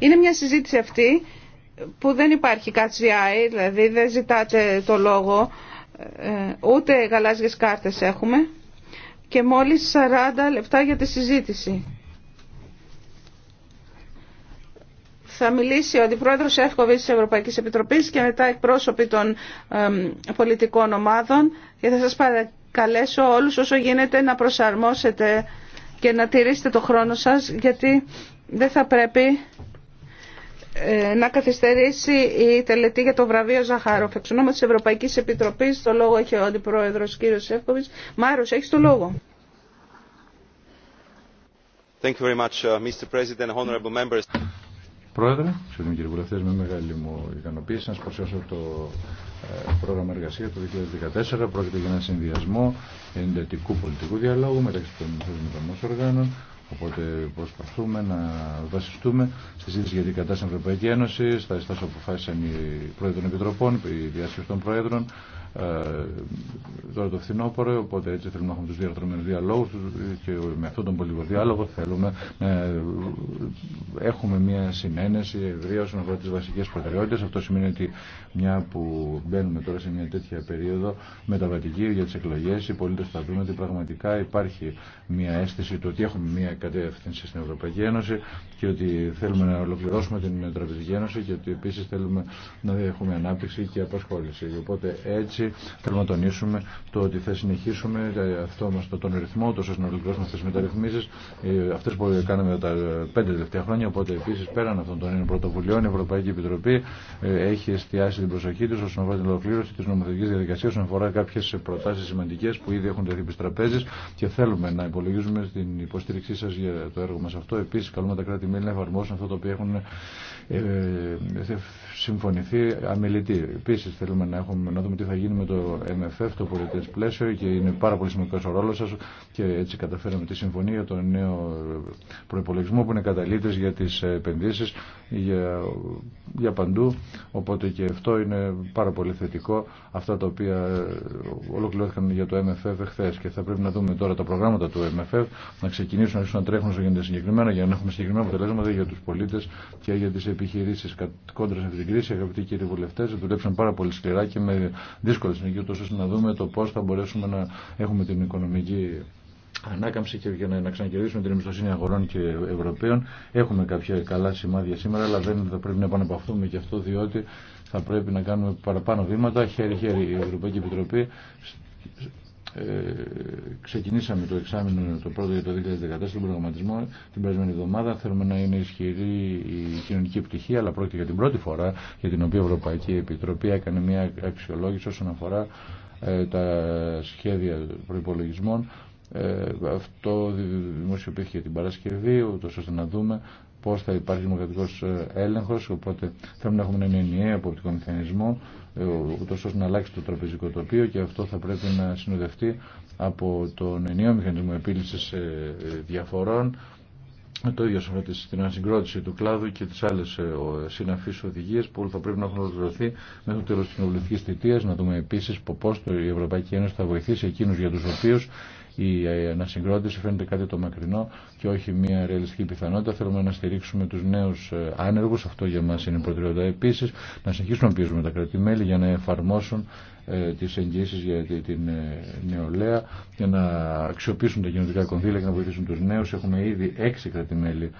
Είναι μια συζήτηση αυτή που δεν υπάρχει κατσιάι, δηλαδή δεν ζητάτε το λόγο, ε, ούτε γαλάζιες κάρτες έχουμε και μόλις 40 λεπτά για τη συζήτηση. Θα μιλήσει ο Αντιπρόεδρος Εύκοβης της Ευρωπαϊκής Επιτροπής και μετά εκπρόσωποι των πολιτικών ομάδων και θα σας παρακαλέσω όλους όσο γίνεται να προσαρμόσετε και να τηρήσετε το χρόνο σας γιατί δεν θα πρέπει ε, να καθυστερήσει η τελετή για το βραβείο Ζαχάροφ. Εξ ονόμα τη Ευρωπαϊκή Επιτροπή, το λόγο έχει ο αντιπρόεδρο κ. Σεύκοβιτ. Μάρου, έχει το λόγο. Thank you very much, uh, Mr. President, honorable members. Πρόεδρε, κύριε Βουλευτέ, με μεγάλη μου ικανοποίηση να σα παρουσιάσω το ε, πρόγραμμα εργασία του 2014. Πρόκειται για ένα συνδυασμό εντατικού πολιτικού διαλόγου μεταξύ των θεσμικών οργάνων, Οπότε προσπαθούμε να βασιστούμε στη συζήτηση για την κατάσταση Ευρωπαϊκή Ένωση, στα ειστάσια που αποφάσισαν οι πρόεδροι των Επιτροπών, οι διάσκεψη των Πρόεδρων, ε, τώρα το φθινόπωρο, οπότε έτσι θέλουμε να έχουμε τους διαδρομένους διαλόγους και με αυτόν τον πολιτικό διάλογο θέλουμε να ε, έχουμε μια συνένεση ευρεία όσον αφορά τις βασικές προτεραιότητες. Αυτό σημαίνει ότι μια που μπαίνουμε τώρα σε μια τέτοια περίοδο μεταβατική για τις εκλογές, οι πολίτες θα δουν ότι πραγματικά υπάρχει μια αίσθηση του ότι έχουμε μια κατεύθυνση στην Ευρωπαϊκή Ένωση και ότι θέλουμε να ολοκληρώσουμε την Τραπεζική Ένωση και ότι επίση θέλουμε να έχουμε ανάπτυξη και απασχόληση. Οπότε έτσι έτσι θέλουμε να τονίσουμε το ότι θα συνεχίσουμε αυτό μας το, τον ρυθμό, τόσο να ολοκληρώσουμε αυτές τις μεταρρυθμίσεις, ε, αυτές που κάναμε τα ε, πέντε τελευταία χρόνια, οπότε επίσης πέραν αυτών των πρωτοβουλειών η Ευρωπαϊκή Επιτροπή ε, έχει εστιάσει την προσοχή της όσον αφορά την ολοκλήρωση της νομοθετικής διαδικασίας, όσον αφορά κάποιες προτάσεις σημαντικές που ήδη έχουν τεθεί τραπέζης και θέλουμε να υπολογίζουμε την υποστήριξή σας για το έργο μας αυτό. Επίσης καλούμε τα κράτη-μέλη να εφαρμόσουν αυτό το οποίο έχουν ε, ε, συμφωνηθεί αμελητή. Επίση, θέλουμε να, έχουμε, να δούμε τι θα γίνει με το MFF, το πολιτέ πλαίσιο, και είναι πάρα πολύ σημαντικό ο ρόλο σα και έτσι καταφέραμε τη συμφωνία για τον νέο προπολογισμό που είναι καταλήτε για τι επενδύσει για, παντού. Οπότε και αυτό είναι πάρα πολύ θετικό. Αυτά τα οποία ολοκληρώθηκαν για το MFF εχθέ και θα πρέπει να δούμε τώρα τα προγράμματα του MFF να ξεκινήσουν να τρέχουν όσο γίνεται συγκεκριμένα για να έχουμε συγκεκριμένα αποτελέσματα για του πολίτε και για τι επιχειρήσει επιχειρήσει κόντρα σε αυτή την κρίση, αγαπητοί κύριοι βουλευτέ, δουλέψαμε πάρα πολύ σκληρά και με δύσκολε συνεχεία, ούτω ώστε να δούμε το πώ θα μπορέσουμε να έχουμε την οικονομική ανάκαμψη και για να, να ξανακερδίσουμε την εμπιστοσύνη αγορών και Ευρωπαίων. Έχουμε κάποια καλά σημάδια σήμερα, αλλά δεν θα πρέπει να επαναπαυθούμε και αυτό, διότι θα πρέπει να κάνουμε παραπάνω βήματα χέρι-χέρι η Ευρωπαϊκή Επιτροπή ε, ξεκινήσαμε το εξάμεινο το πρώτο για το 2014 τον προγραμματισμό την περασμένη εβδομάδα. Θέλουμε να είναι ισχυρή η κοινωνική πτυχή, αλλά πρόκειται για την πρώτη φορά για την οποία η Ευρωπαϊκή Επιτροπή έκανε μια αξιολόγηση όσον αφορά ε, τα σχέδια προπολογισμών ε, αυτό δημοσιοποιήθηκε την Παρασκευή, ούτως ώστε να δούμε πώ θα υπάρχει δημοκρατικό ε, έλεγχο. Οπότε θέλουμε να έχουμε ένα ενιαίο αποπτικό μηχανισμό, ε, ούτω ώστε να αλλάξει το τραπεζικό τοπίο και αυτό θα πρέπει να συνοδευτεί από τον ενιαίο μηχανισμό επίλυση ε, διαφορών. Το ίδιο αυτή την ανασυγκρότηση του κλάδου και τι άλλε συναφεί οδηγίε που θα πρέπει να έχουν ολοκληρωθεί μέχρι το τέλο τη κοινοβουλευτική θητεία. Να δούμε επίση πώ η Ευρωπαϊκή Ένωση θα βοηθήσει εκείνου για του οποίου η ανασυγκρότηση ε, φαίνεται κάτι το μακρινό και όχι μια ρεαλιστική πιθανότητα. Θέλουμε να στηρίξουμε του νέου ε, άνεργου, αυτό για μα είναι προτεραιότητα. Επίση, να συνεχίσουμε να πιέζουμε τα κρατημέλη για να εφαρμόσουν ε, τι εγγύσει για την νεολαία για να αξιοποιήσουν τα κοινωνικά κονδύλια και να βοηθήσουν του νέου. Έχουμε ήδη έξι κρατημέλη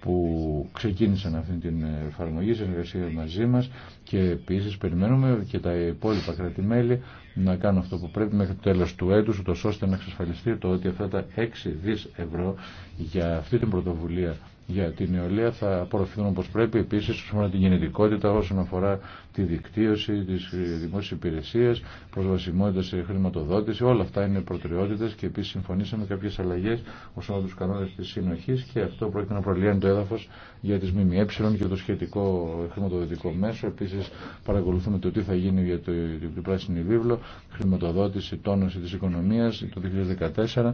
που ξεκίνησαν αυτή την εφαρμογή συνεργασία μαζί μα. και επίση περιμένουμε και τα υπόλοιπα κρατημέλη να κάνω αυτό που πρέπει μέχρι το τέλος του έτους, ούτως ώστε να εξασφαλιστεί το ότι αυτά τα 6 δις ευρώ για αυτή την πρωτοβουλία για την νεολαία θα απορροφηθούν όπως πρέπει επίσης όσον αφορά την κινητικότητα, όσον αφορά τη δικτύωση της δημόσιας υπηρεσίας, προσβασιμότητα σε χρηματοδότηση, όλα αυτά είναι προτεραιότητες και επίσης συμφωνήσαμε κάποιες αλλαγές όσον αφορά τους κανόνες της συνοχής και αυτό πρόκειται να προλυάνει το έδαφος για τις ΜΜΕ και το σχετικό χρηματοδοτικό μέσο. Επίσης παρακολουθούμε το τι θα γίνει για την πράσινη βίβλο, χρηματοδότηση, τόνωση της οικονομίας το 2014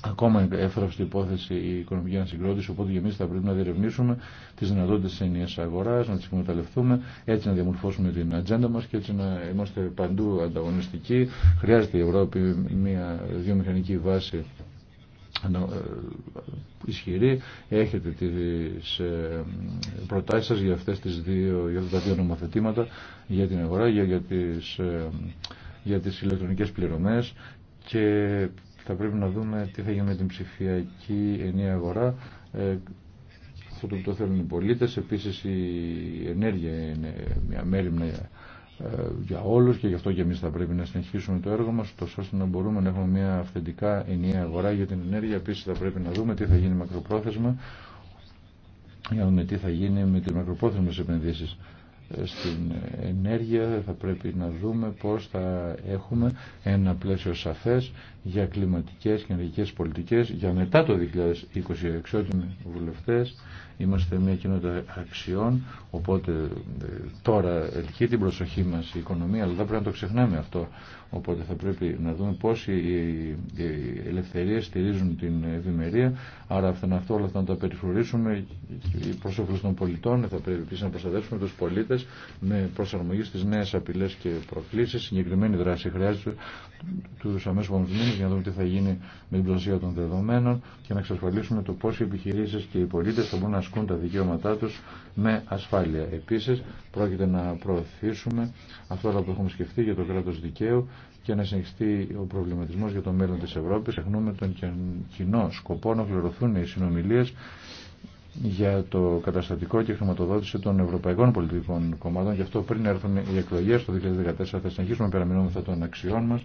Ακόμα έφραυστη υπόθεση η οικονομική ανασυγκρότηση, οπότε και εμεί θα πρέπει να διερευνήσουμε τι δυνατότητες της ενιαίας αγοράς να τις εκμεταλλευτούμε, έτσι να διαμορφώσουμε την ατζέντα μας και έτσι να είμαστε παντού ανταγωνιστικοί. Χρειάζεται η Ευρώπη μια βιομηχανική βάση ε, ισχυρή. Έχετε τις ε, προτάσεις σας για αυτές τις δύο, για τα δύο νομοθετήματα για την αγορά, για, για, τις, ε, για τις ηλεκτρονικές πληρωμές και θα πρέπει να δούμε τι θα γίνει με την ψηφιακή ενιαία αγορά. Ε, αυτό το, το θέλουν οι πολίτες. Επίσης η ενέργεια είναι μια μέρη ε, για όλους και γι' αυτό και εμείς θα πρέπει να συνεχίσουμε το έργο μας ώστε να μπορούμε να έχουμε μια αυθεντικά ενιαία αγορά για την ενέργεια. Επίσης θα πρέπει να δούμε τι θα γίνει μακροπρόθεσμα για να δούμε τι θα γίνει με τις μακροπρόθεσμες επενδύσεις στην ενέργεια θα πρέπει να δούμε πώς θα έχουμε ένα πλαίσιο σαφές για κλιματικές και ενεργικές πολιτικές για μετά το 2020 εξότιμοι βουλευτές είμαστε μια κοινότητα αξιών οπότε ε, τώρα ελκύει την προσοχή μας η οικονομία αλλά δεν πρέπει να το ξεχνάμε αυτό Οπότε θα πρέπει να δούμε πώς οι, οι ελευθερίες στηρίζουν την ευημερία, άρα αυτό όλα αυτά να τα περιφρουρήσουμε προς όφελος των πολιτών, θα πρέπει επίση να προστατεύσουμε τους πολίτες με προσαρμογή στι νέε απειλέ και προκλήσεις, συγκεκριμένη δράση χρειάζεται τους αμέσως μήνε για να δούμε τι θα γίνει με την προστασία των δεδομένων και να εξασφαλίσουμε το πώς οι επιχειρήσεις και οι πολίτες θα μπορούν να ασκούν τα δικαιώματά τους με ασφάλεια. Επίσης, πρόκειται να προωθήσουμε αυτό που έχουμε σκεφτεί για το κράτος δικαίου και να συνεχιστεί ο προβληματισμό για το μέλλον τη Ευρώπη. Εχνούμε τον κοινό σκοπό να ολοκληρωθούν οι συνομιλίε για το καταστατικό και χρηματοδότηση των ευρωπαϊκών πολιτικών κομμάτων. Γι' αυτό πριν έρθουν οι εκλογέ το 2014 θα συνεχίσουμε να περαμεινόμεθα των αξιών μα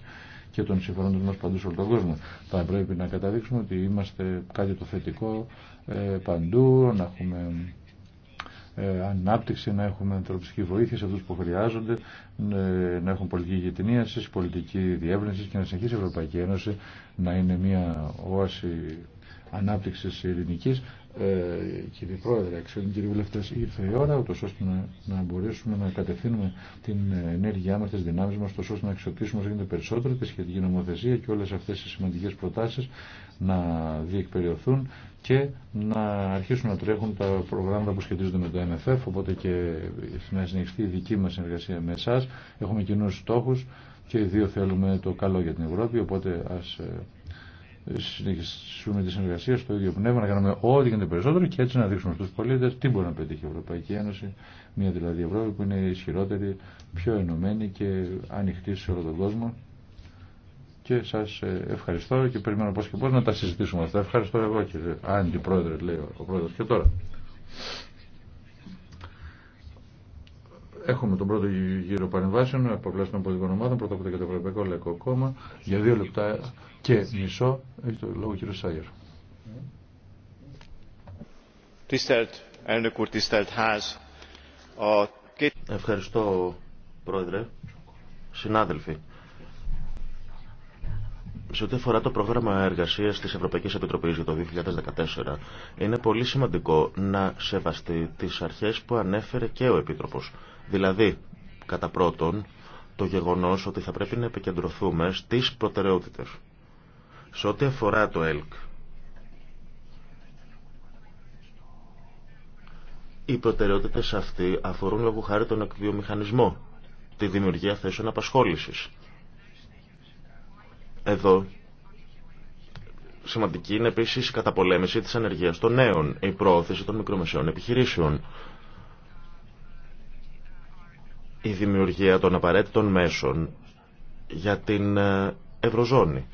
και των συμφωνών μα παντού σε όλο τον κόσμο. Θα πρέπει να καταδείξουμε ότι είμαστε κάτι το θετικό ε, παντού, να έχουμε ε, ανάπτυξη, να έχουμε ανθρωπιστική βοήθεια σε αυτούς που χρειάζονται, ε, να έχουν πολιτική γετνίαση, πολιτική διεύρυνση και να συνεχίσει η Ευρωπαϊκή Ένωση να είναι μια όαση Ανάπτυξη Ειρηνικής. Ε, κύριε Πρόεδρε, αξιότιμοι κύριοι βουλευτέ, ήρθε η ώρα ούτω ώστε να, να, μπορέσουμε να κατευθύνουμε την ενέργειά μα, τι δυνάμει μα, ώστε να αξιοποιήσουμε όσο γίνεται περισσότερο τη σχετική νομοθεσία και όλε αυτέ τι σημαντικέ προτάσει να διεκπεριωθούν και να αρχίσουν να τρέχουν τα προγράμματα που σχετίζονται με το MFF. Οπότε και να συνεχιστεί η δική μα συνεργασία με εσά. Έχουμε κοινού στόχου και οι δύο θέλουμε το καλό για την Ευρώπη. Οπότε α συνεχίσουμε τη συνεργασία στο ίδιο πνεύμα, να κάνουμε ό,τι γίνεται περισσότερο και έτσι να δείξουμε στους πολίτες τι μπορεί να πετύχει η Ευρωπαϊκή Ένωση, μια δηλαδή Ευρώπη που είναι ισχυρότερη, πιο ενωμένη και ανοιχτή σε όλο τον κόσμο. Και σας ε, ευχαριστώ και περιμένω πώς και πώς να τα συζητήσουμε αυτά. Ευχαριστώ εγώ κύριε Αντιπρόεδρε, λέει ο πρόεδρο και τώρα. Έχουμε τον πρώτο γύρο παρεμβάσεων από πλευρά των πολιτικών ομάδων. Πρώτα από και το Ευρωπαϊκό Λαϊκό Κόμμα. Για δύο λεπτά και μισό έχει το λόγο ο κ. Σάγερ. Ευχαριστώ, Πρόεδρε. Συνάδελφοι. Σε ό,τι αφορά το πρόγραμμα εργασία τη Ευρωπαϊκή Επιτροπή για το 2014, είναι πολύ σημαντικό να σεβαστεί τι αρχέ που ανέφερε και ο Επίτροπο. Δηλαδή, κατά πρώτον, το γεγονός ότι θα πρέπει να επικεντρωθούμε στις προτεραιότητες. Σε ό,τι αφορά το ΕΛΚ, οι προτεραιότητες αυτοί αφορούν λόγω χάρη τον εκβιομηχανισμό, τη δημιουργία θέσεων απασχόλησης. Εδώ σημαντική είναι επίσης η καταπολέμηση της ανεργίας των νέων, η πρόωθηση των μικρομεσαίων επιχειρήσεων, η δημιουργία των απαραίτητων μέσων για την ε, Ευρωζώνη.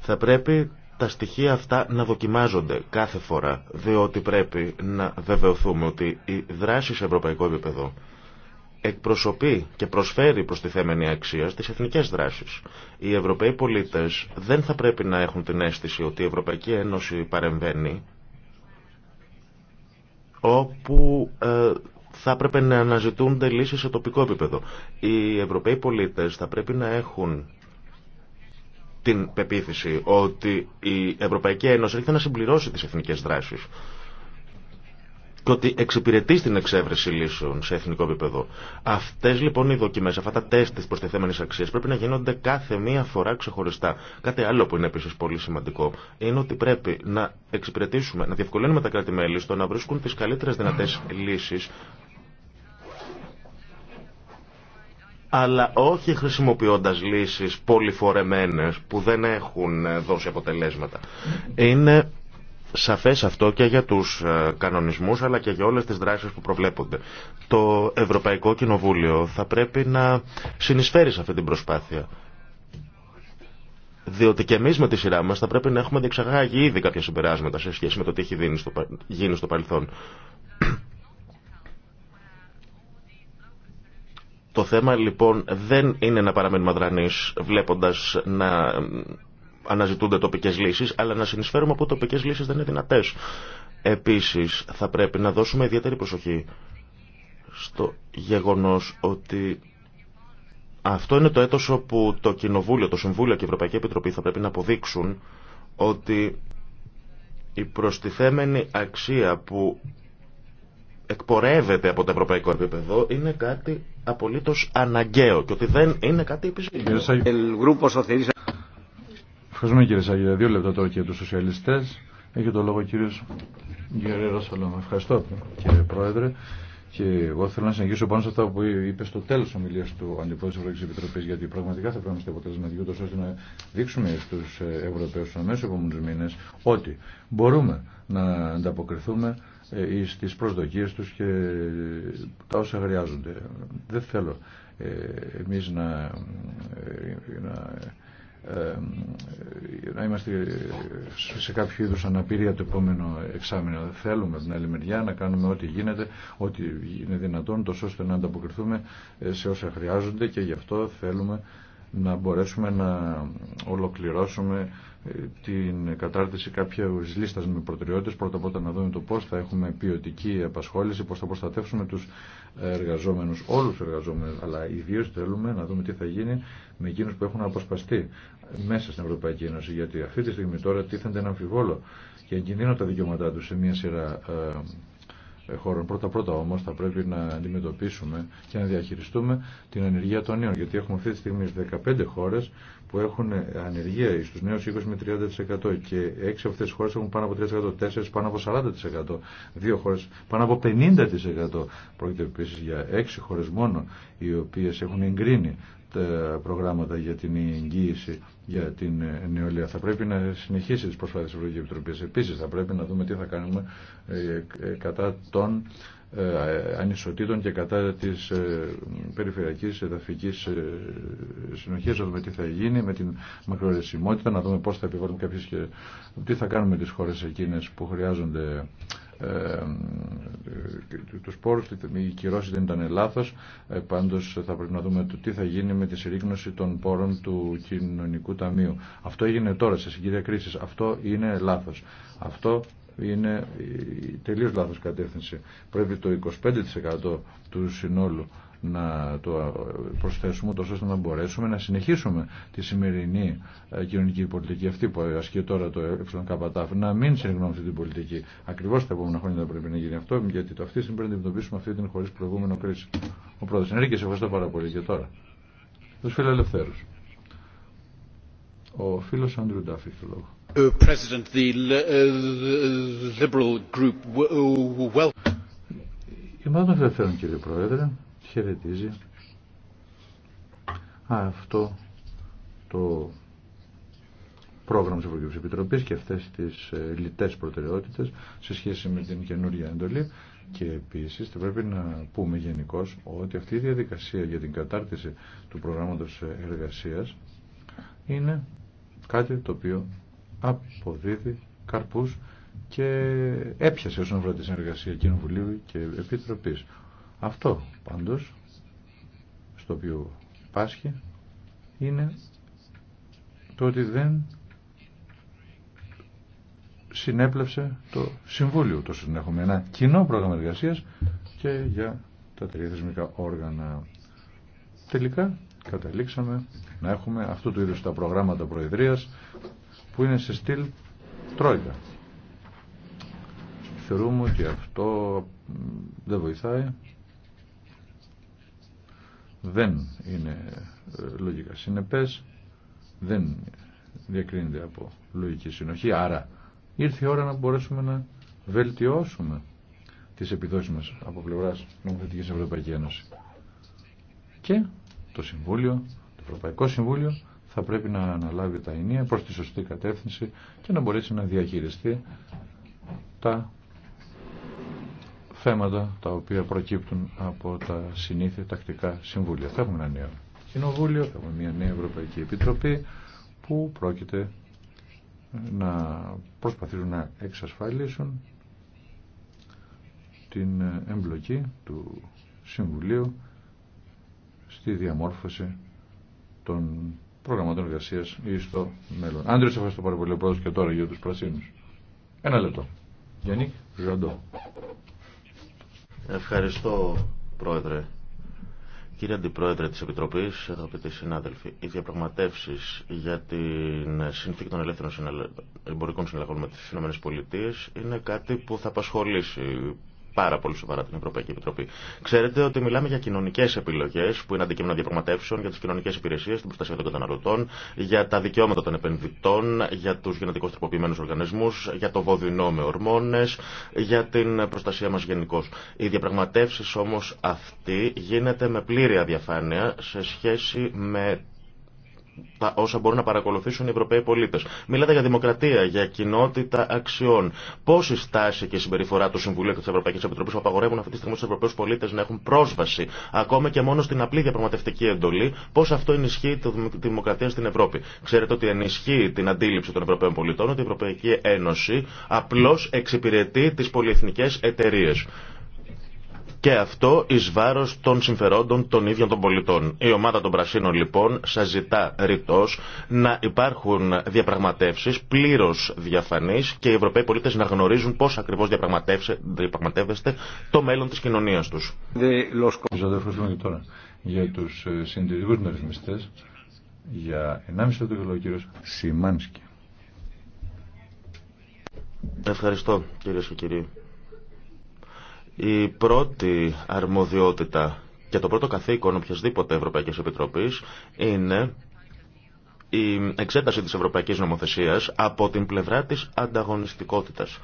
Θα πρέπει τα στοιχεία αυτά να δοκιμάζονται κάθε φορά, διότι πρέπει να βεβαιωθούμε ότι η δράση σε ευρωπαϊκό επίπεδο εκπροσωπεί και προσφέρει προς τη θέμενη αξία στις εθνικές δράσεις. Οι Ευρωπαίοι πολίτες δεν θα πρέπει να έχουν την αίσθηση ότι η Ευρωπαϊκή Ένωση παρεμβαίνει όπου ε, θα έπρεπε να αναζητούνται λύσεις σε τοπικό επίπεδο. Οι Ευρωπαίοι πολίτες θα πρέπει να έχουν την πεποίθηση ότι η Ευρωπαϊκή Ένωση έρχεται να συμπληρώσει τις εθνικές δράσεις και ότι εξυπηρετεί στην εξέβρεση λύσεων σε εθνικό επίπεδο. Αυτές λοιπόν οι δοκιμές, αυτά τα τεστ τη προστιθέμενης αξία πρέπει να γίνονται κάθε μία φορά ξεχωριστά. Κάτι άλλο που είναι επίση πολύ σημαντικό είναι ότι πρέπει να εξυπηρετήσουμε, να διευκολύνουμε τα κράτη-μέλη στο να βρίσκουν τι καλύτερε δυνατέ λύσει αλλά όχι χρησιμοποιώντας λύσεις πολυφορεμένες που δεν έχουν ε, δώσει αποτελέσματα. Είναι σαφές αυτό και για τους ε, κανονισμούς αλλά και για όλες τις δράσεις που προβλέπονται. Το Ευρωπαϊκό Κοινοβούλιο θα πρέπει να συνεισφέρει σε αυτή την προσπάθεια. Διότι και εμεί με τη σειρά μα θα πρέπει να έχουμε διεξαγάγει ήδη κάποια συμπεράσματα σε σχέση με το τι έχει γίνει στο παρελθόν. Το θέμα λοιπόν δεν είναι να παραμένουμε αδρανείς βλέποντας να αναζητούνται τοπικές λύσεις, αλλά να συνεισφέρουμε από τοπικές λύσεις δεν είναι δυνατές. Επίσης θα πρέπει να δώσουμε ιδιαίτερη προσοχή στο γεγονός ότι αυτό είναι το έτος όπου το Κοινοβούλιο, το Συμβούλιο και η Ευρωπαϊκή Επιτροπή θα πρέπει να αποδείξουν ότι η προστιθέμενη αξία που εκπορεύεται από το ευρωπαϊκό επίπεδο είναι κάτι απολύτως αναγκαίο και ότι δεν είναι κάτι επισκέπτο Ευχαριστούμε κύριε Σαγίδα. Δύο λεπτά τώρα και τους σοσιαλιστές. Έχει το λόγο ο κύριος Γερέρο Σολόμα. Ευχαριστώ κύριε Πρόεδρε. Και εγώ θέλω να συνεχίσω πάνω σε αυτά που είπε στο τέλο τη ομιλία του Αντιπρόεδρου τη Ευρωπαϊκή Επιτροπή, γιατί πραγματικά θα πρέπει να είμαστε αποτελεσματικοί, ώστε να δείξουμε στου Ευρωπαίου στου αμέσω επόμενου μήνε ότι μπορούμε να ανταποκριθούμε ή ε, στις προσδοκίες τους και τα όσα χρειάζονται. Δεν θέλω ε, εμείς να, ε, να, είμαστε σε κάποιο είδου αναπηρία το επόμενο εξάμεινο. Θέλουμε την άλλη μεριά να κάνουμε ό,τι γίνεται, ό,τι είναι δυνατόν, τόσο ώστε να ανταποκριθούμε σε όσα χρειάζονται και γι' αυτό θέλουμε να μπορέσουμε να ολοκληρώσουμε ε, την κατάρτιση κάποια λίστας με προτεραιότητες. Πρώτα απ' όλα να δούμε το πώς θα έχουμε ποιοτική απασχόληση, πώς θα προστατεύσουμε τους εργαζόμενους, όλους τους εργαζόμενους, αλλά ιδίω θέλουμε να δούμε τι θα γίνει με εκείνους που έχουν αποσπαστεί μέσα στην Ευρωπαϊκή Ένωση. Γιατί αυτή τη στιγμή τώρα τίθενται ένα αμφιβόλο και εγκινδύνω τα δικαιώματά τους σε μια σειρά ε, ε, χώρων. Πρώτα-πρώτα όμως θα πρέπει να αντιμετωπίσουμε και να διαχειριστούμε την ανεργία των νέων, γιατί έχουμε αυτή τη στιγμή 15 χώρες που έχουν ανεργία στους νέους 20 με 30% και 6 αυτές οι χώρες έχουν πάνω από 3%, 4 πάνω από 40%, 2 χώρες πάνω από 50%. Πρόκειται επίσης για 6 χώρες μόνο οι οποίες έχουν εγκρίνει τα προγράμματα για την εγγύηση για την νεολαία. Θα πρέπει να συνεχίσει τις προσπάθειες της Ευρωπαϊκής Επιτροπής. Επίσης θα πρέπει να δούμε τι θα κάνουμε ε, ε, κατά των ε, ανισοτήτων και κατά της περιφερειακής εδαφικής συνοχής να δούμε τι θα γίνει με την μακρορεσιμότητα να δούμε πώς θα επιβάλλουμε κάποιες και τι θα κάνουμε τις χώρες εκείνες που χρειάζονται ε, ε, τους πόρους, η κυρώση δεν ήταν λάθος, ε, πάντως θα πρέπει να δούμε το τι θα γίνει με τη συρρήγνωση των πόρων του κοινωνικού ταμείου. Αυτό έγινε τώρα σε συγκυρία κρίση. αυτό είναι λάθος. Αυτό είναι τελείω λάθος κατεύθυνση. Πρέπει το 25% του συνόλου να το προσθέσουμε τόσο ώστε να μπορέσουμε να συνεχίσουμε τη σημερινή ε, κοινωνική πολιτική αυτή που ασκεί τώρα το ΕΚΤΑΦ. Να μην συγγνώμη αυτή την πολιτική. Ακριβώ τα επόμενα χρόνια θα πρέπει να γίνει αυτό, γιατί το αυτή πρέπει να αντιμετωπίσουμε αυτή την χωρί προηγούμενο κρίση. Ο πρώτο Ενρίκη, ευχαριστώ πάρα πολύ και τώρα. Του φιλελευθέρου. Ο φίλο Άντριου Ντάφη, το λόγο. Η ομάδα των Ελευθέρων, κύριε Πρόεδρε, χαιρετίζει αυτό το πρόγραμμα της Ευρωπαϊκής Επιτροπής και αυτές τις ε, λιτές προτεραιότητες σε σχέση με την καινούργια εντολή και επίσης θα πρέπει να πούμε γενικώ ότι αυτή η διαδικασία για την κατάρτιση του προγράμματος εργασίας είναι κάτι το οποίο αποδίδει καρπούς και έπιασε όσον αφορά τη συνεργασία Κοινοβουλίου και Επιτροπής. Αυτό πάντως στο οποίο πάσχει είναι το ότι δεν συνέπλευσε το Συμβούλιο το έχουμε ένα κοινό πρόγραμμα εργασίας και για τα τριθεσμικά όργανα τελικά καταλήξαμε να έχουμε αυτού του είδους τα προγράμματα προεδρίας που είναι σε στυλ Τρόικα θεωρούμε ότι αυτό δεν βοηθάει δεν είναι ε, λογικά συνεπές, δεν διακρίνεται από λογική συνοχή, άρα ήρθε η ώρα να μπορέσουμε να βελτιώσουμε τις επιδόσεις μας από πλευράς νομοθετικής Ευρωπαϊκή Ένωση. Και το Συμβούλιο, το Ευρωπαϊκό Συμβούλιο θα πρέπει να αναλάβει τα ενία προς τη σωστή κατεύθυνση και να μπορέσει να διαχειριστεί τα θέματα τα οποία προκύπτουν από τα συνήθεια τακτικά συμβούλια. Θα έχουμε ένα νέο κοινοβούλιο, θα έχουμε μια νέα Ευρωπαϊκή Επιτροπή που πρόκειται να προσπαθήσουν να εξασφαλίσουν την εμπλοκή του Συμβουλίου στη διαμόρφωση των προγραμμάτων εργασία ή στο μέλλον. Άντρε, ευχαριστώ πάρα πολύ. και τώρα για του πρασίνου. Ένα λεπτό. Γιάννη Ζαντό. Ευχαριστώ, Πρόεδρε. Κύριε Αντιπρόεδρε της Επιτροπής, αγαπητοί συνάδελφοι, οι διαπραγματεύσει για την συνθήκη των ελεύθερων εμπορικών συναλλαγών με τις ΗΠΑ είναι κάτι που θα απασχολήσει πάρα πολύ σοβαρά την Ευρωπαϊκή Επιτροπή. Ξέρετε ότι μιλάμε για κοινωνικέ επιλογέ που είναι αντικείμενο διαπραγματεύσεων, για τι κοινωνικέ υπηρεσίε, την προστασία των καταναλωτών, για τα δικαιώματα των επενδυτών, για του γενετικώ τροποποιημένου οργανισμού, για το βοδινό με ορμόνε, για την προστασία μα γενικώ. Οι διαπραγματεύσει όμω αυτή γίνεται με πλήρη αδιαφάνεια σε σχέση με τα όσα μπορούν να παρακολουθήσουν οι Ευρωπαίοι πολίτε. Μιλάτε για δημοκρατία, για κοινότητα αξιών. Πώ η στάση και η συμπεριφορά του Συμβουλίου και τη Ευρωπαϊκή Επιτροπή που απαγορεύουν αυτή τη στιγμή στου Ευρωπαίου πολίτε να έχουν πρόσβαση ακόμα και μόνο στην απλή διαπραγματευτική εντολή, πώ αυτό ενισχύει τη δημοκρατία στην Ευρώπη. Ξέρετε ότι ενισχύει την αντίληψη των Ευρωπαίων πολιτών ότι η Ευρωπαϊκή Ένωση απλώ εξυπηρετεί τι πολυεθνικέ εταιρείε. Και αυτό ει βάρο των συμφερόντων των ίδιων των πολιτών. Η ομάδα των Πρασίνων λοιπόν σα ζητά ρητός να υπάρχουν διαπραγματεύσεις πλήρω διαφανείς και οι Ευρωπαίοι πολίτες να γνωρίζουν πώ ακριβώς διαπραγματεύεστε το μέλλον της κοινωνίας τους. για 1,5 ε, Ευχαριστώ κυρίε και κύριοι. Η πρώτη αρμοδιότητα και το πρώτο καθήκον οποιασδήποτε Ευρωπαϊκής Επιτροπής είναι η εξέταση της Ευρωπαϊκής Νομοθεσίας από την πλευρά της ανταγωνιστικότητας.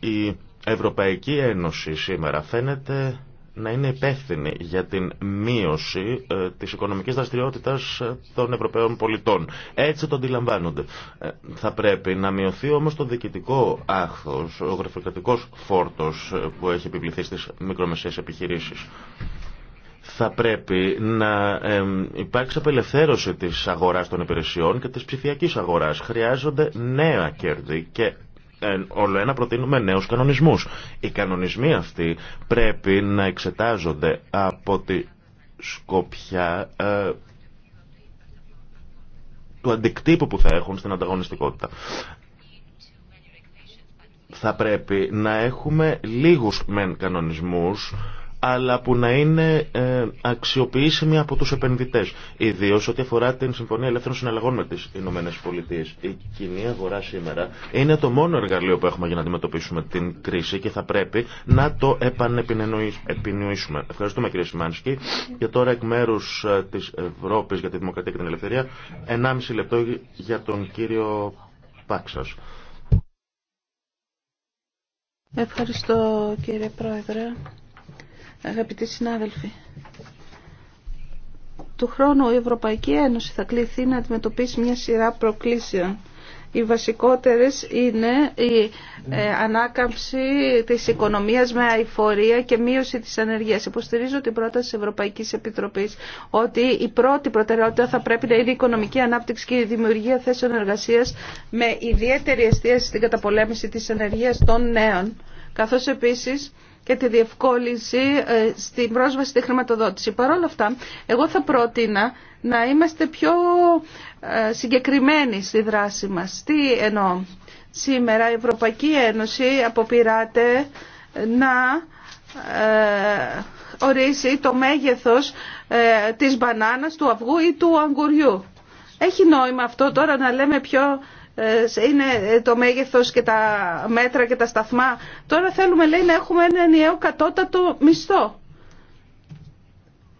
Η Ευρωπαϊκή Ένωση σήμερα φαίνεται να είναι υπεύθυνη για την μείωση ε, της οικονομικής δραστηριότητας ε, των Ευρωπαίων πολιτών. Έτσι το αντιλαμβάνονται. Ε, θα πρέπει να μειωθεί όμως το διοικητικό άχθος, ο γραφειοκρατικός φόρτος που έχει επιβληθεί στις μικρομεσαίες επιχειρήσεις θα πρέπει να υπάρξει απελευθέρωση της αγοράς των υπηρεσιών και της ψηφιακής αγοράς. Χρειάζονται νέα κέρδη και όλο ένα προτείνουμε νέους κανονισμούς. Οι κανονισμοί αυτοί πρέπει να εξετάζονται από τη σκοπιά ε, του αντικτύπου που θα έχουν στην ανταγωνιστικότητα. Θα πρέπει να έχουμε λίγους μεν κανονισμούς αλλά που να είναι ε, αξιοποιήσιμη από τους επενδυτές. Ιδίω ό,τι αφορά την Συμφωνία Ελεύθερων Συναλλαγών με τις Ηνωμένες Πολιτείες. Η κοινή αγορά σήμερα είναι το μόνο εργαλείο που έχουμε για να αντιμετωπίσουμε την κρίση και θα πρέπει να το επανεπινοήσουμε. Ευχαριστούμε κύριε Σιμάνσκι. Και τώρα εκ μέρου ε, της Ευρώπης για τη Δημοκρατία και την Ελευθερία, 1,5 λεπτό για τον κύριο Πάξας. Ευχαριστώ κύριε Πρόεδρε. Αγαπητοί συνάδελφοι, του χρόνου η Ευρωπαϊκή Ένωση θα κληθεί να αντιμετωπίσει μια σειρά προκλήσεων. Οι βασικότερες είναι η ε, ανάκαμψη της οικονομίας με αηφορία και μείωση της ανεργίας. Υποστηρίζω την πρόταση της Ευρωπαϊκής Επιτροπής ότι η πρώτη προτεραιότητα θα πρέπει να είναι η οικονομική ανάπτυξη και η δημιουργία θέσεων εργασίας με ιδιαίτερη εστίαση στην καταπολέμηση της ανεργίας των νέων. Καθώς επίσης και τη διευκόλυνση ε, στην πρόσβαση στη χρηματοδότηση. Παρ' όλα αυτά, εγώ θα πρότεινα να είμαστε πιο ε, συγκεκριμένοι στη δράση μας. Τι εννοώ. Σήμερα η Ευρωπαϊκή Ένωση αποπειράται να ε, ορίσει το μέγεθος της μπανάνας, του αυγού ή του αγγουριού. Έχει νόημα αυτό τώρα να λέμε πιο ε, είναι το μέγεθος και τα μέτρα και τα σταθμά. Τώρα θέλουμε λέει να έχουμε ένα ενιαίο κατώτατο μισθό.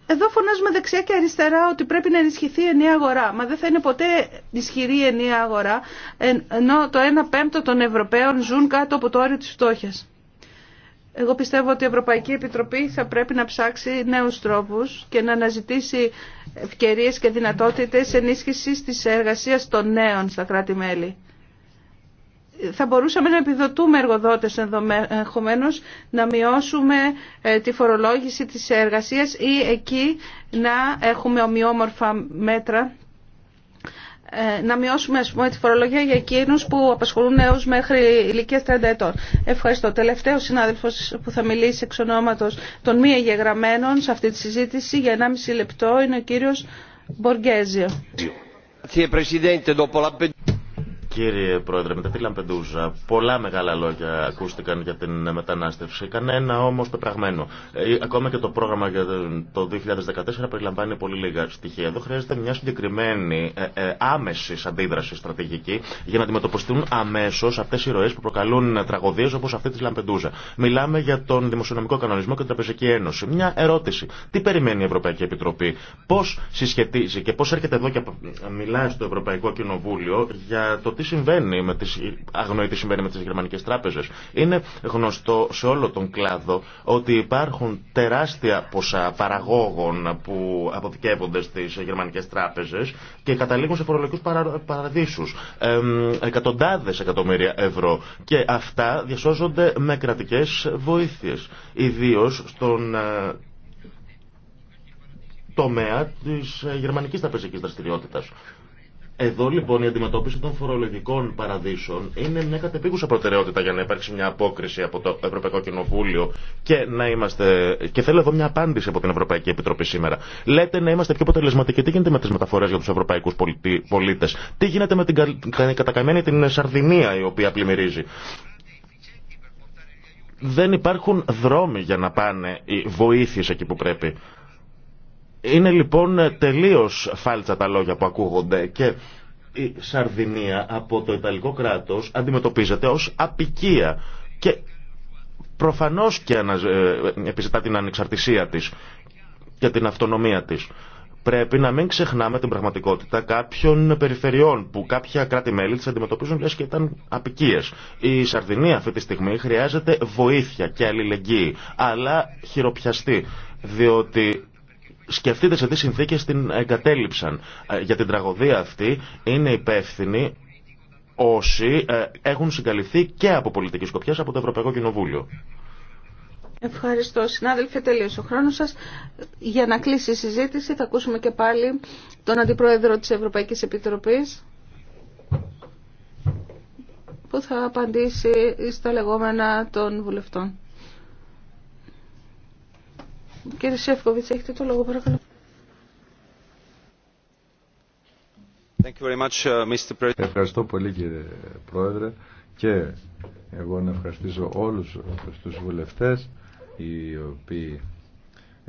Εδώ φωνάζουμε δεξιά και αριστερά ότι πρέπει να ενισχυθεί η ενιαία αγορά. Μα δεν θα είναι ποτέ ισχυρή η ενιαία αγορά, ενώ το 1 πέμπτο των Ευρωπαίων ζουν κάτω από το όριο της φτώχειας. Εγώ πιστεύω ότι η Ευρωπαϊκή Επιτροπή θα πρέπει να ψάξει νέους τρόπους και να αναζητήσει ευκαιρίες και δυνατότητες ενίσχυσης της εργασίας των νέων στα κράτη-μέλη. Θα μπορούσαμε να επιδοτούμε εργοδότες ενδεχομένω να μειώσουμε ε, τη φορολόγηση της εργασίας ή εκεί να έχουμε ομοιόμορφα μέτρα ε, να μειώσουμε ας πούμε, τη φορολογία για εκείνους που απασχολούν νέου μέχρι ηλικία 30 ετών. Ευχαριστώ. Τελευταίο συνάδελφος που θα μιλήσει εξ ονόματος των μη εγγεγραμμένων σε αυτή τη συζήτηση για 1,5 λεπτό είναι ο κύριος Μποργέζιο. Κύριε Πρόεδρε, μετά τη Λαμπεντούζα πολλά μεγάλα λόγια ακούστηκαν για την μετανάστευση. Κανένα όμω πεπραγμένο. Ε, ακόμα και το πρόγραμμα για το 2014 περιλαμβάνει πολύ λίγα στοιχεία. Εδώ χρειάζεται μια συγκεκριμένη ε, ε, άμεση αντίδραση στρατηγική για να αντιμετωπιστούν αμέσω αυτέ οι ροέ που προκαλούν τραγωδίε όπω αυτή τη Λαμπεντούζα. Μιλάμε για τον Δημοσιονομικό Κανονισμό και την Τραπεζική Ένωση. Μια ερώτηση. Τι περιμένει η Ευρωπαϊκή Επιτροπή, πώ συσχετίζει και πώ έρχεται εδώ και μιλάει στο Ευρωπαϊκό Κοινοβούλιο για το τι συμβαίνει με τις, αγνοεί τι συμβαίνει με τις γερμανικές τράπεζες. Είναι γνωστό σε όλο τον κλάδο ότι υπάρχουν τεράστια ποσά παραγόγων που αποθηκεύονται στις γερμανικές τράπεζες και καταλήγουν σε φορολογικούς παραδείσους. εκατοντάδες εκατομμύρια ευρώ και αυτά διασώζονται με κρατικές βοήθειες. Ιδίως στον ε, τομέα της γερμανικής τραπεζικής δραστηριότητας. Εδώ λοιπόν η αντιμετώπιση των φορολογικών παραδείσων είναι μια κατεπίγουσα προτεραιότητα για να υπάρξει μια απόκριση από το Ευρωπαϊκό Κοινοβούλιο και να είμαστε. Και θέλω εδώ μια απάντηση από την Ευρωπαϊκή Επιτροπή σήμερα. Λέτε να είμαστε πιο αποτελεσματικοί. Τι γίνεται με τι μεταφορέ για του Ευρωπαϊκού πολίτε. Τι γίνεται με την κατακαμένη την Σαρδινία η οποία πλημμυρίζει δεν υπάρχουν δρόμοι για να πάνε οι βοήθειε εκεί που πρέπει. Είναι λοιπόν τελείως φάλτσα τα λόγια που ακούγονται και η Σαρδινία από το Ιταλικό κράτος αντιμετωπίζεται ως απικία και προφανώς και ε, επιζητά την ανεξαρτησία της και την αυτονομία της. Πρέπει να μην ξεχνάμε την πραγματικότητα κάποιων περιφερειών που κάποια κράτη-μέλη τις αντιμετωπίζουν λες και ήταν απικίες. Η Σαρδινία αυτή τη στιγμή χρειάζεται βοήθεια και αλληλεγγύη, αλλά χειροπιαστή, διότι σκεφτείτε σε τι συνθήκε την εγκατέλειψαν. Ε, για την τραγωδία αυτή είναι υπεύθυνοι όσοι ε, έχουν συγκαλυφθεί και από πολιτική σκοπιά από το Ευρωπαϊκό Κοινοβούλιο. Ευχαριστώ. Συνάδελφε, τελείωσε ο χρόνος σας. Για να κλείσει η συζήτηση θα ακούσουμε και πάλι τον Αντιπρόεδρο της Ευρωπαϊκής Επιτροπής που θα απαντήσει στα λεγόμενα των βουλευτών. Κύριε έχετε το λόγο, παρακαλώ. Thank you very much, uh, Mr. Ευχαριστώ πολύ κύριε Πρόεδρε και εγώ να ευχαριστήσω όλους τους βουλευτές οι οποίοι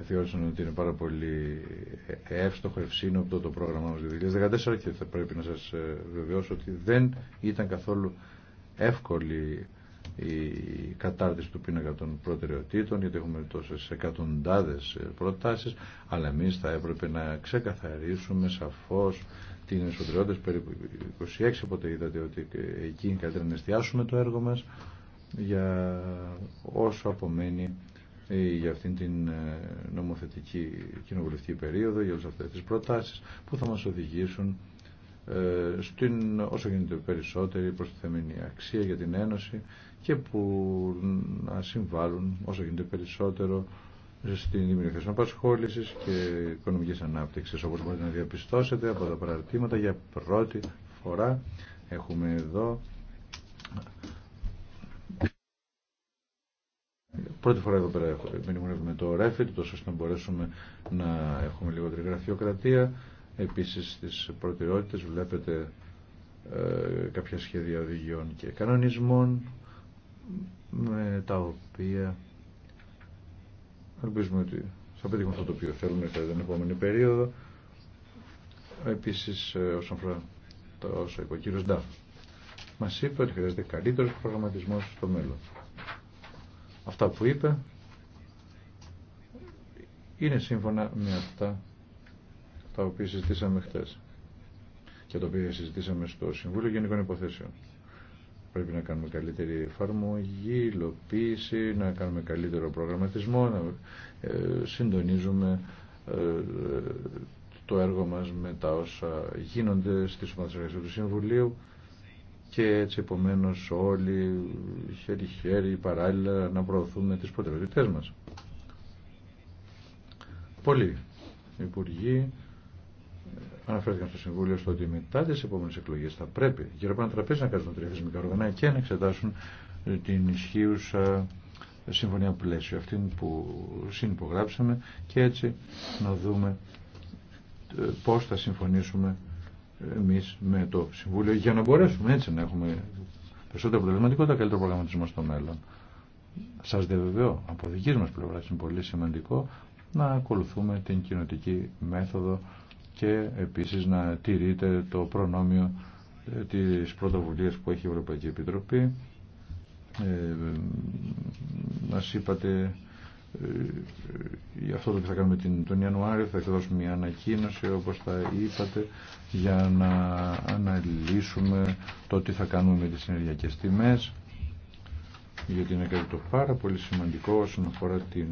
θεώρησαν ότι είναι πάρα πολύ εύστοχο, ευσύνοπτο το πρόγραμμά μας 2014 και θα πρέπει να σας ε, βεβαιώσω ότι δεν ήταν καθόλου εύκολη η κατάρτιση του πίνακα των προτεραιοτήτων, γιατί έχουμε τόσε εκατοντάδε ε, προτάσεις, αλλά εμεί θα έπρεπε να ξεκαθαρίσουμε σαφώς την εσωτερικότητα περίπου 26, οπότε είδατε ότι εκεί είναι καλύτερα να εστιάσουμε το έργο μας για όσο απομένει ε, για αυτήν την ε, νομοθετική κοινοβουλευτική περίοδο, για όλε αυτές τι προτάσει που θα μα οδηγήσουν στην όσο γίνεται περισσότερη προστιθέμενη αξία για την Ένωση και που να συμβάλλουν όσο γίνεται περισσότερο στην δημιουργία απασχόληση και οικονομική ανάπτυξη. Όπω μπορείτε να διαπιστώσετε από τα παραρτήματα, για πρώτη φορά έχουμε εδώ. Πρώτη φορά εδώ πέρα μνημονεύουμε το REFIT, τόσο ώστε να μπορέσουμε να έχουμε λιγότερη γραφειοκρατία. Επίσης στις προτεραιότητες βλέπετε ε, κάποια σχέδια οδηγιών και κανονισμών με τα οποία ελπίζουμε ότι θα πετύχουμε αυτό το οποίο θέλουμε για την επόμενη περίοδο. Επίσης, ε, όσον αφορά το όσο είπε ο κύριος Ντάφ, μας είπε ότι χρειάζεται καλύτερο προγραμματισμός στο μέλλον. Αυτά που είπε είναι σύμφωνα με αυτά τα οποία συζητήσαμε χτες και τα οποία συζητήσαμε στο Συμβούλιο Γενικών Υποθέσεων. Πρέπει να κάνουμε καλύτερη εφαρμογή, υλοποίηση, να κάνουμε καλύτερο προγραμματισμό, να ε, συντονίζουμε ε, το έργο μας με τα όσα γίνονται στις ομάδες εργασίας του Συμβουλίου και έτσι επομένως όλοι χέρι-χέρι παράλληλα να προωθούμε τις προτεραιότητές μας. Πολύ υπουργοί αναφέρθηκαν στο Συμβούλιο στο ότι μετά τι επόμενε εκλογέ θα πρέπει γύρω από ένα τραπέζι να κάνουν τρία θεσμικά οργανά και να εξετάσουν ε, την ισχύουσα ε, συμφωνία πλαίσιο, αυτή που συνυπογράψαμε και έτσι να δούμε ε, πώ θα συμφωνήσουμε εμεί με το Συμβούλιο για να μπορέσουμε έτσι να έχουμε περισσότερο και καλύτερο προγραμματισμό στο μέλλον. Σα διαβεβαιώ, από δική μα πλευρά είναι πολύ σημαντικό να ακολουθούμε την κοινοτική μέθοδο και επίσης να τηρείται το προνόμιο ε, της πρωτοβουλίας που έχει η Ευρωπαϊκή Επιτροπή. Ε, μας είπατε για ε, ε, αυτό το που θα κάνουμε τον Ιανουάριο θα εκδώσουμε μια ανακοίνωση όπως τα είπατε για να αναλύσουμε το τι θα κάνουμε με τις ενεργειακές τιμές γιατί είναι κάτι το πάρα πολύ σημαντικό όσον αφορά την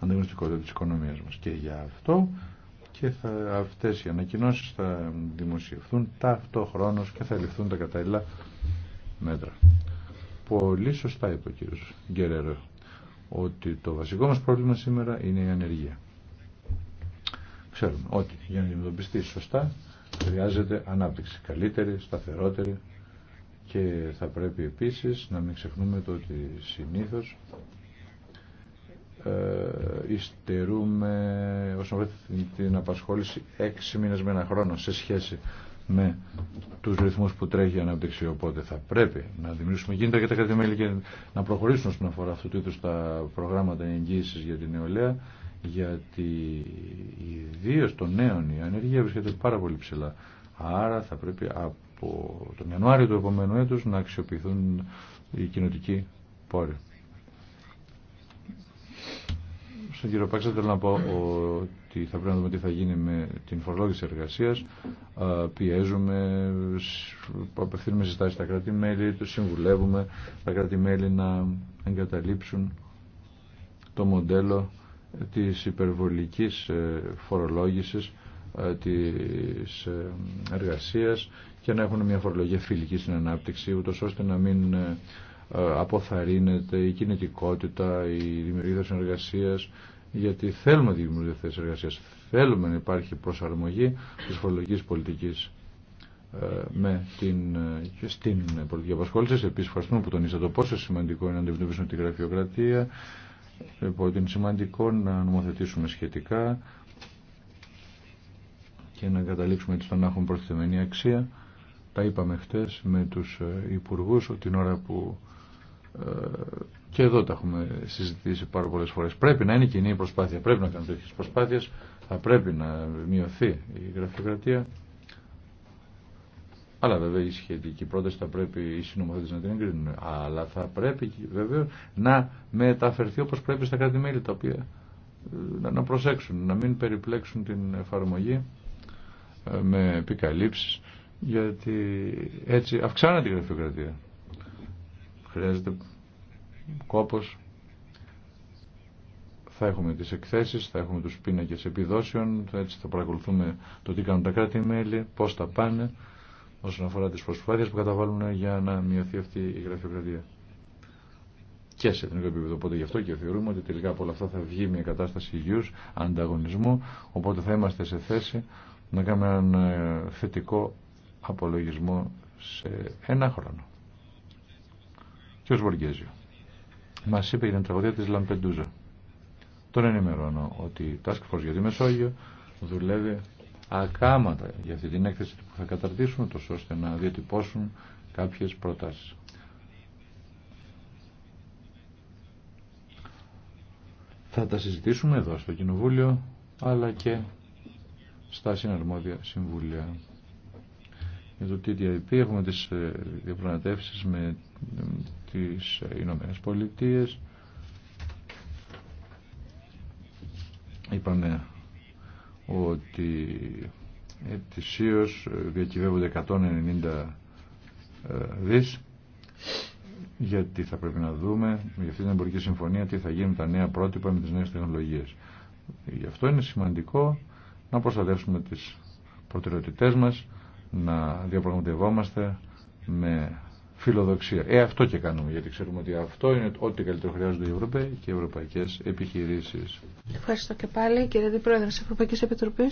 ανταγωνιστικότητα της οικονομίας μας και για αυτό και θα, αυτές οι ανακοινώσεις θα δημοσιευθούν ταυτόχρονος και θα ληφθούν τα κατάλληλα μέτρα. Πολύ σωστά είπε ο κύριος Γκερέρο ότι το βασικό μας πρόβλημα σήμερα είναι η ανεργία. Ξέρουμε ότι για να αντιμετωπιστεί σωστά χρειάζεται ανάπτυξη καλύτερη, σταθερότερη και θα πρέπει επίσης να μην ξεχνούμε το ότι συνήθως ε, υστερούμε όσον αφορά την απασχόληση έξι μήνες με ένα χρόνο σε σχέση με τους ρυθμούς που τρέχει η ανάπτυξη. Οπότε θα πρέπει να δημιουργήσουμε γίνεται και τα μέλη και να προχωρήσουν στον αφορά αυτού του είδους τα προγράμματα εγγύησης για την νεολαία γιατί ιδίω των νέων η ανεργία βρίσκεται πάρα πολύ ψηλά. Άρα θα πρέπει από τον Ιανουάριο του επόμενου έτους να αξιοποιηθούν οι κοινοτικοί πόροι. Στον κύριο Πάξα θέλω να πω ότι θα πρέπει να δούμε τι θα γίνει με την φορολόγηση εργασία. Πιέζουμε, απευθύνουμε συστάσει στα κράτη-μέλη, το συμβουλεύουμε τα κράτη-μέλη να εγκαταλείψουν το μοντέλο της υπερβολικής ε, φορολόγησης ε, της ε, εργασίας και να έχουν μια φορολογία φιλική στην ανάπτυξη, ούτως ώστε να μην ε, αποθαρρύνεται η κινητικότητα, η δημιουργία εργασίας, γιατί θέλουμε τη δημιουργία τη εργασία. Θέλουμε να υπάρχει προσαρμογή της φορολογικής πολιτικής ε, με την, και ε, στην πολιτική απασχόληση. Επίση, ευχαριστούμε που τονίσατε το πόσο σημαντικό είναι να αντιμετωπίσουμε τη γραφειοκρατία, πότε είναι σημαντικό να νομοθετήσουμε σχετικά και να καταλήξουμε έτσι στο να έχουμε προσθεμενή αξία. Τα είπαμε χτε με τους υπουργούς την ώρα που και εδώ τα έχουμε συζητήσει πάρα πολλές φορές. Πρέπει να είναι κοινή η προσπάθεια, πρέπει να κάνουν τέτοιες προσπάθειες, θα πρέπει να μειωθεί η γραφειοκρατία. Αλλά βέβαια η σχετική πρόταση θα πρέπει οι συνομοθέτες να την εγκρίνουν. Αλλά θα πρέπει βέβαια να μεταφερθεί όπως πρέπει στα κράτη-μέλη τα οποία ε, να προσέξουν, να μην περιπλέξουν την εφαρμογή ε, με επικαλύψεις γιατί έτσι αυξάνεται η γραφειοκρατία χρειάζεται κόπος. Θα έχουμε τις εκθέσεις, θα έχουμε τους πίνακες επιδόσεων, έτσι θα παρακολουθούμε το τι κάνουν τα κράτη-μέλη, πώς τα πάνε, όσον αφορά τις προσπάθειες που καταβάλουν για να μειωθεί αυτή η γραφειοκρατία. Και σε εθνικό επίπεδο. Οπότε γι' αυτό και θεωρούμε ότι τελικά από όλα αυτά θα βγει μια κατάσταση υγιούς, ανταγωνισμού, οπότε θα είμαστε σε θέση να κάνουμε έναν ε, θετικό απολογισμό σε ένα χρόνο ω Βοργέζιο μας είπε για την τραγωδία της Λαμπεντούζα. Τον ενημερώνω ότι η Task Force για τη Μεσόγειο δουλεύει ακάματα για αυτή την έκθεση που θα καταρτήσουν τόσο ώστε να διατυπώσουν κάποιες προτάσεις. Θα τα συζητήσουμε εδώ στο Κοινοβούλιο αλλά και στα συναρμόδια συμβούλια. Για το TTIP έχουμε τις ε, διαπραγματεύσεις με ε, τις Ηνωμένε Πολιτείε. Είπαμε ότι ετησίως διακυβεύονται 190 ε, δις γιατί θα πρέπει να δούμε για αυτή την εμπορική συμφωνία τι θα γίνουν τα νέα πρότυπα, με τις νέες τεχνολογίες. Γι' αυτό είναι σημαντικό να προστατεύσουμε τις προτεραιότητές μας, να διαπραγματευόμαστε με φιλοδοξία. Ε, αυτό και κάνουμε, γιατί ξέρουμε ότι αυτό είναι ό,τι καλύτερο χρειάζονται οι Ευρωπαίοι και οι ευρωπαϊκέ επιχειρήσει. Ευχαριστώ και πάλι, κύριε Διπρόεδρε τη Ευρωπαϊκή Επιτροπή.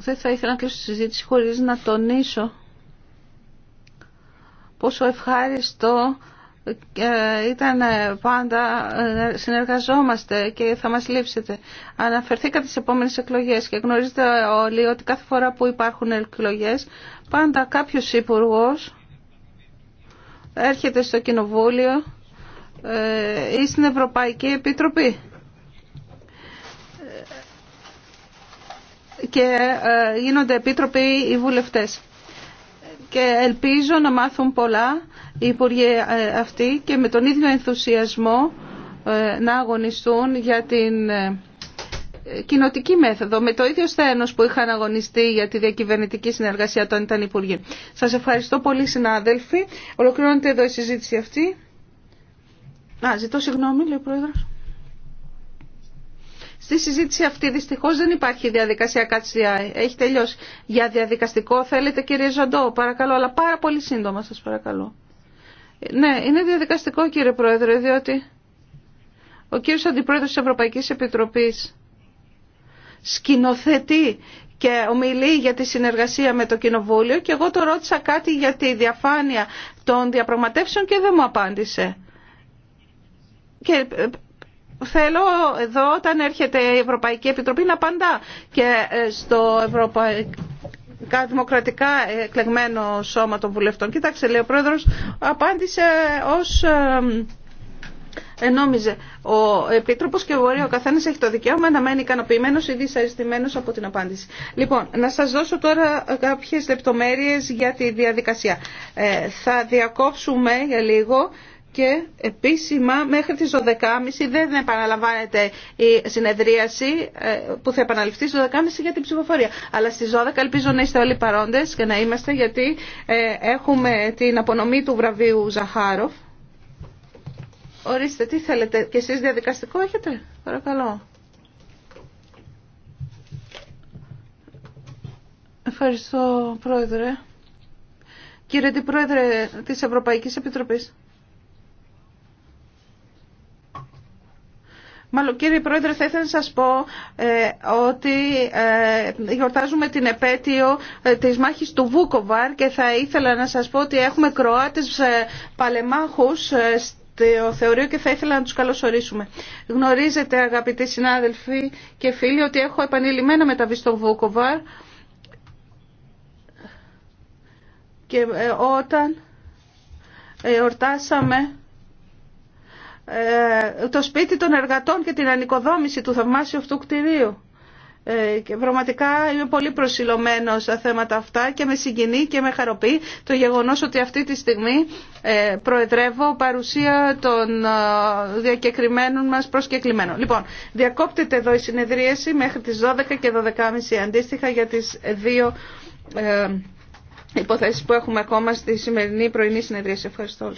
Δεν θα ήθελα να κλείσω τη συζήτηση χωρί να τονίσω πόσο ευχάριστο ήταν πάντα ε, συνεργαζόμαστε και θα μας λείψετε. Αναφερθήκατε στις επόμενες εκλογές και γνωρίζετε όλοι ότι κάθε φορά που υπάρχουν εκλογές πάντα κάποιος υπουργό έρχεται στο Κοινοβούλιο ε, ή στην Ευρωπαϊκή Επιτροπή. Ε, και γίνονται επίτροποι οι βουλευτές και ελπίζω να μάθουν πολλά οι υπουργοί ε, αυτοί και με τον ίδιο ενθουσιασμό ε, να αγωνιστούν για την ε, κοινοτική μέθοδο, με το ίδιο σθένος που είχαν αγωνιστεί για τη διακυβερνητική συνεργασία όταν ήταν υπουργοί. Σας ευχαριστώ πολύ συνάδελφοι. Ολοκληρώνεται εδώ η συζήτηση αυτή. Α, ζητώ συγγνώμη, λέει ο Πρόεδρος. Στη συζήτηση αυτή δυστυχώς δεν υπάρχει διαδικασία ΚΑΤΣΙΑ. Έχει τελειώσει. Για διαδικαστικό θέλετε κύριε Ζαντό, παρακαλώ, αλλά πάρα πολύ σύντομα σας παρακαλώ. Ναι, είναι διαδικαστικό κύριε Πρόεδρε, διότι ο κύριος Αντιπρόεδρος της Ευρωπαϊκής Επιτροπής σκηνοθετεί και ομιλεί για τη συνεργασία με το Κοινοβούλιο και εγώ το ρώτησα κάτι για τη διαφάνεια των διαπραγματεύσεων και δεν μου απάντησε. Ε, Θέλω εδώ όταν έρχεται η Ευρωπαϊκή Επιτροπή να απαντά και ε, στο Ευρωπαϊκά Δημοκρατικά εκλεγμένο σώμα των βουλευτών. Κοιτάξτε, λέει ο Πρόεδρος, απάντησε ως ενόμιζε ε, ο Επίτροπος και μπορεί ο καθένας έχει το δικαίωμα να μένει ικανοποιημένος ή δυσαρεστημένος από την απάντηση. Λοιπόν, να σας δώσω τώρα κάποιες λεπτομέρειες για τη διαδικασία. Ε, θα διακόψουμε για λίγο και επίσημα μέχρι τις 12.30 δεν επαναλαμβάνεται η συνεδρίαση ε, που θα επαναληφθεί στις 12.30 για την ψηφοφορία. Αλλά στις 12 ελπίζω να είστε όλοι παρόντες και να είμαστε γιατί ε, έχουμε την απονομή του βραβείου Ζαχάροφ. Ορίστε, τι θέλετε, και εσείς διαδικαστικό έχετε, παρακαλώ. Ευχαριστώ, Πρόεδρε. Κύριε Την Πρόεδρε της Ευρωπαϊκής Επιτροπής. Μάλλον κύριε Πρόεδρε θα ήθελα να σας πω ε, ότι ε, γιορτάζουμε την επέτειο ε, της μάχης του Βούκοβαρ και θα ήθελα να σας πω ότι έχουμε Κροάτες ε, παλεμάχους ε, στο θεωρείο και θα ήθελα να τους καλωσορίσουμε. Γνωρίζετε αγαπητοί συνάδελφοι και φίλοι ότι έχω επανειλημμένα μεταβεί στο Βούκοβαρ και όταν εορτάσαμε ε, το σπίτι των εργατών και την ανοικοδόμηση του θαυμάσιου αυτού κτηρίου. Ε, και πραγματικά είμαι πολύ προσιλωμένο στα θέματα αυτά και με συγκινεί και με χαροποιεί το γεγονός ότι αυτή τη στιγμή ε, προεδρεύω παρουσία των διακεκριμένων μας προσκεκλημένων. Λοιπόν, διακόπτεται εδώ η συνεδρίαση μέχρι τις 12 και 12.30 αντίστοιχα για τις δύο υποθέσεις που έχουμε ακόμα στη σημερινή πρωινή συνεδρίαση. Ευχαριστώ